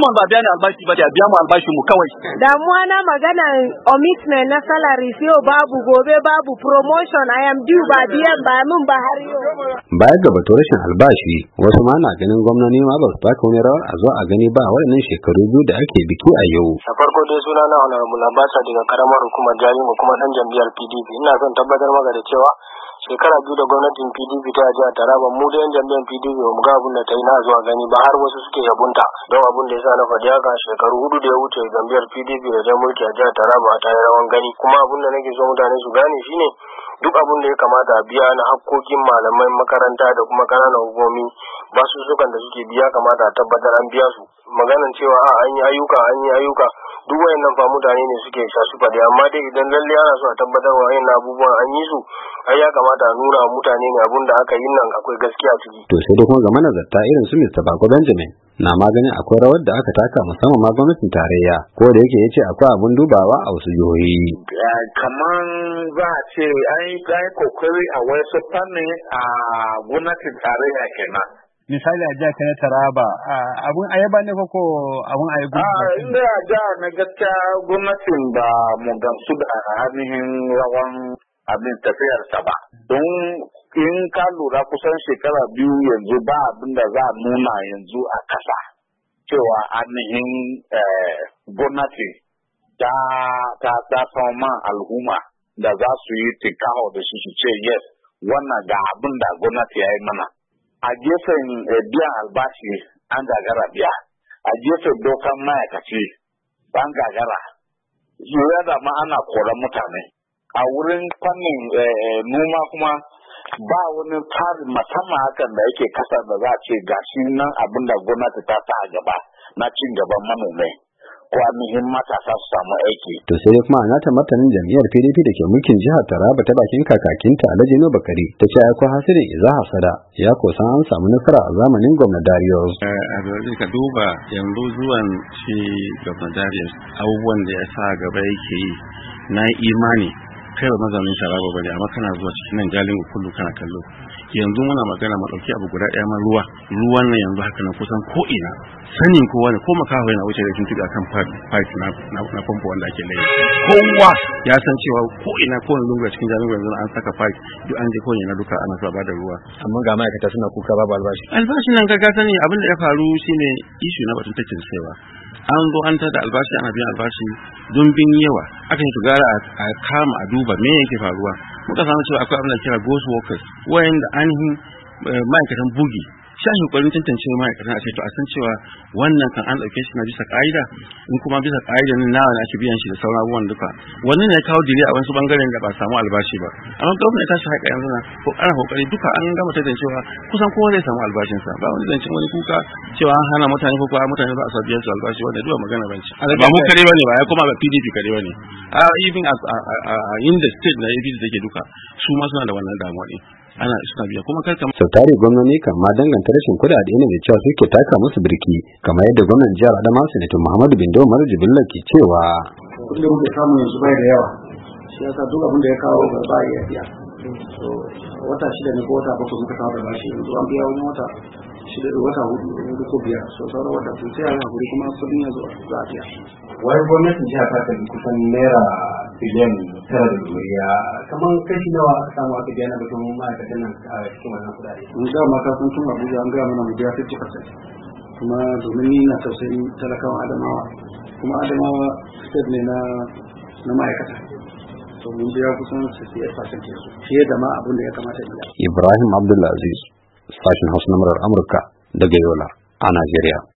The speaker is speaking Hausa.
musamman ba biya ni albashi ba da biya mu albashin mu kawai damuwa na magana omitment na salary sai babu gobe babu promotion i am due ba biyan ba mun ba har yau baya ga batun rashin albashi wasu ma na ganin gwamnati ma ba su taka wani rawar a zo a gani ba waɗannan shekaru biyu da ake biki a yau da farko dai suna na honorable daga karamar hukumar jami'u kuma dan jam'iyyar pdp ina son tabbatar maka da cewa shekara biyu da gwamnatin pdp ta a taraba mu da yan jami'an pdp ba mu ga abin da ta yi na zuwa gani ba har wasu suke yabunta don abin da ya sa na faɗi haka shekaru hudu da ya wuce gambiyar pdp da ta mulki a jihar taraba ta yi rawan gani kuma abin da nake so mutane su gane shi ne duk abin da ya kamata a biya na hakkokin malamai makaranta da kuma kananan hukumomi basu sukan da suke biya kamata a tabbatar an biya su maganan cewa a an yi ayyuka an yi ayyuka duk wayannan fa mutane ne suke sha su faɗi amma dai idan lalle ana so a tabbatar wa yin abubuwan an yi su ai ya kamata a nuna mutane ne abun da aka yi nan akwai gaskiya ciki to sai dai kuma ga manazarta irin su Mr. Bako Benjamin na maganin akwai rawar da aka taka musamman ma gwamnatin tarayya ko da yake yace akwai abun dubawa a wasu jihohi eh, kaman za a ce an yi kokari a wasu fanni a gwamnatin tarayya kenan misali a jaka na Taraba abun ayaba ne ko ko abun ayaba a inda a ja na gaskiya gwamnatin ba mu gamsu da ainihin rawan abin sa ba don in ka lura kusan shekara biyu yanzu ba abin da za a nuna yanzu a kasa cewa ainihin eh, gwamnati ta ta sama man al'umma da za su yi tikaho da shi su ce yes wannan ga abin da gwamnati ya yi mana a gefen eh, biyan albashi an gagara biya a gefen dokan ma'aikaci an gagara yoya da ma ana koran mutane a wurin fannin eh, eh, noma kuma ba wani tsari musamman hakan da yake kasar da za a ce gashi nan abin da gwamnati ta sa a gaba na cin mata matasa su samu aiki. To sai dai kuma ana ta martanin jam'iyyar PDP da ke mulkin jihar Taraba ta bakin kakakinta Alhaji Nuhu Bakari ta ce ai ko hasiri za hasada ya kosan an samu nasara a zamanin gwamna Darius. Eh, a dole ka duba yanzu zuwan shi gwamna Darius abubuwan da ya sa gaba yake yi na imani kai ba mazamin sharaba ba ne amma kana zuwa cikin nan jalin kullu kana kallo yanzu muna magana mu dauki abu guda daya ma ruwa ruwan nan yanzu haka na kusan ko ina sanin kowa ne ko makaho yana wuce da tuntuga kan pipe na na pompo wanda ake laye kowa ya san cewa ko ina ko wani lungu cikin jalin yanzu an saka pipe duk an je ko ina duka ana so ba da ruwa amma ga ma'aikata suna kuka babu albashi albashin nan ka sani abin da ya faru shine ishu na batun takin saiwa an zo an tada albashi ana biyan albashi don bin yawa aka yi gara a kama a duba me yake faruwa muka samu cewa akwai abin da kira ghost workers wayanda yi eh, ma'aikatan bugi sha shi kokarin tantance ma'aikatan a to a san cewa wannan kan an dauke shi na bisa ka'ida in kuma bisa ka'ida ne nawa ne ake biyan shi da sauran abubuwan duka wannan ne kawo dire a wasu bangaren da ba samu albashi ba amma gwamnati ta shi haƙa yanzu na ana kokari duka an gama ta tantancewa kusan kowa zai samu albashinsa ba wani zancen wani kuka cewa an hana mutane ko kuma mutane ba a sa biyan su albashi wanda duba magana ba ce ba mu kare bane ba ya kuma ba PDP kare bane a ah, even as in the state na da take duka su ma suna da wannan damuwa ne ana suna biya kuma kar kamar tare gwamnati kan ma danganta rashin kudade ne da cewa suke taka musu birki kamar yadda gwamnan jihar Adamawa Sanatu Muhammadu Bindo Umar Jibrilla ke cewa Kullum da samu yanzu bai da yawa shi yasa duk abin da ya kawo garba ya biya so wata shida ne ko wata bakwai muka kawo da bashi yanzu an biya wani wata shida da wata hudu ko biyar so sauran wata sun sai a hakuri kuma kudin yanzu za a biya wai gwamnatin jihar ta kusan naira biliyan tara da duniya kamar kashi nawa a samu aka biya na batun ma'aikatan nan a cikin wannan kudade. mun ga mata sun tun abuja an gaya mana mu cika sai. kuma domin ni na tausayin talakawa adamawa kuma adamawa state ne na na ma'aikata to mun biya kusan 68% fiye da ma abin da ya kamata biya. ibrahim abdulaziz sashen hausa na amurka daga yola a najeriya.